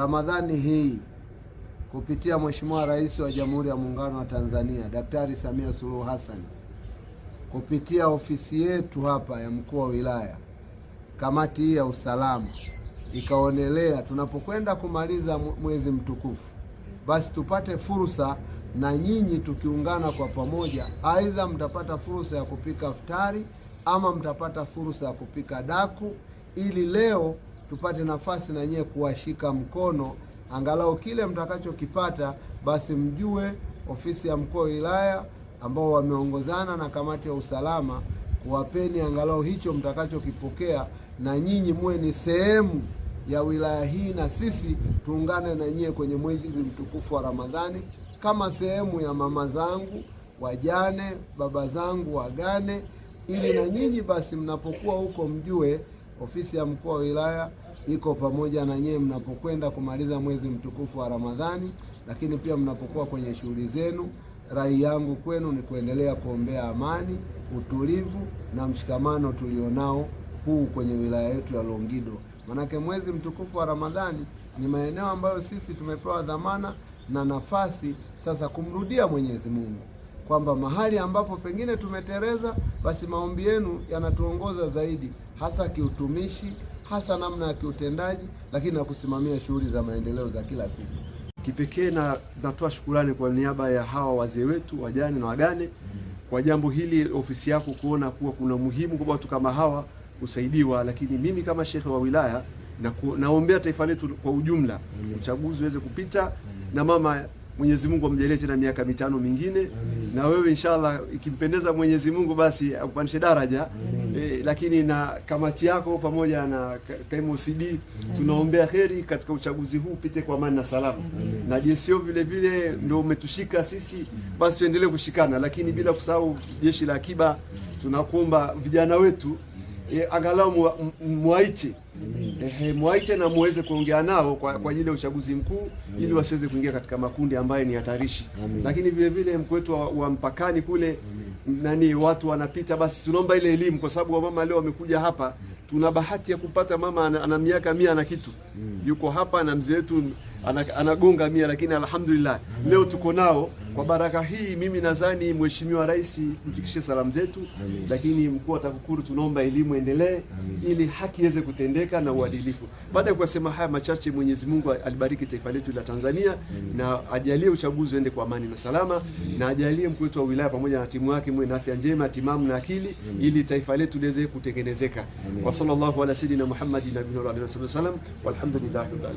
Ramadhani hii kupitia Mheshimiwa Rais wa Jamhuri ya Muungano wa Tanzania Daktari Samia Suluhu Hassan kupitia ofisi yetu hapa ya mkuu wa wilaya, kamati hii ya usalama ikaonelea tunapokwenda kumaliza mwezi mtukufu, basi tupate fursa na nyinyi tukiungana kwa pamoja, aidha mtapata fursa ya kupika iftari ama mtapata fursa ya kupika daku, ili leo tupate nafasi na nyewe kuwashika mkono, angalau kile mtakachokipata basi mjue ofisi ya mkuu wa wilaya ambao wameongozana na kamati ya usalama kuwapeni angalau hicho mtakachokipokea, na nyinyi muwe ni sehemu ya wilaya hii, na sisi tuungane na nyie kwenye mwezi mtukufu wa Ramadhani kama sehemu ya mama zangu wajane, baba zangu wagane, ili na nyinyi basi mnapokuwa huko mjue ofisi ya mkuu wa wilaya iko pamoja na nyewe mnapokwenda kumaliza mwezi mtukufu wa Ramadhani, lakini pia mnapokuwa kwenye shughuli zenu. Rai yangu kwenu ni kuendelea kuombea amani, utulivu na mshikamano tulionao huu kwenye wilaya yetu ya Longido, manake mwezi mtukufu wa Ramadhani ni maeneo ambayo sisi tumepewa dhamana na nafasi sasa kumrudia Mwenyezi Mungu kwamba mahali ambapo pengine tumetereza, basi maombi yenu yanatuongoza zaidi, hasa kiutumishi, hasa namna ya kiutendaji, lakini na kusimamia shughuli za maendeleo za kila siku. Kipekee na natoa shukurani kwa niaba ya hawa wazee wetu, wajane na wagane, kwa jambo hili, ofisi yako kuona kuwa kuna muhimu kwa watu kama hawa kusaidiwa. Lakini mimi kama shekhe wa wilaya na ku, naombea taifa letu kwa ujumla, uchaguzi uweze kupita na mama Mwenyezi Mungu amjalie tena miaka mitano mingine Amin. Na wewe inshallah ikimpendeza Mwenyezi Mungu basi akupandishe daraja e, lakini na kamati yako pamoja na kaimu CD tunaombea heri katika uchaguzi huu upite kwa amani na salama, na DSO vile vile ndio umetushika sisi, basi tuendelee kushikana, lakini bila kusahau jeshi la akiba tunakuomba vijana wetu e, angalau mwa, mwaite mwaite na muweze kuongea nao kwa ajili ya uchaguzi mkuu ili wasiweze kuingia katika makundi ambayo ni hatarishi. Lakini vile vile mkwetu wa, wa mpakani kule Amin. nani watu wanapita, basi tunaomba ile elimu, kwa sababu wamama leo wamekuja hapa. Tuna bahati ya kupata mama ana, ana miaka mia na kitu mm. yuko hapa na mzee wetu anagonga mia, lakini alhamdulillah mm. leo tuko nao kwa baraka hii. Mimi nadhani Mheshimiwa Rais mfikishe salamu zetu, lakini mkuu wa TAKUKURU tunaomba elimu endelee ili haki iweze kutendeka na uadilifu. Baada ya kusema haya machache, Mwenyezi Mungu alibariki taifa letu la Tanzania Amin. na ajalie uchaguzi uende kwa amani na salama Amin. na ajalie mkuu wetu wa wilaya pamoja na timu yake mwe na afya njema timamu na akili Amin. ili taifa letu liweze kutengenezeka. wa sallallahu ala sayidina wa alhamdulillah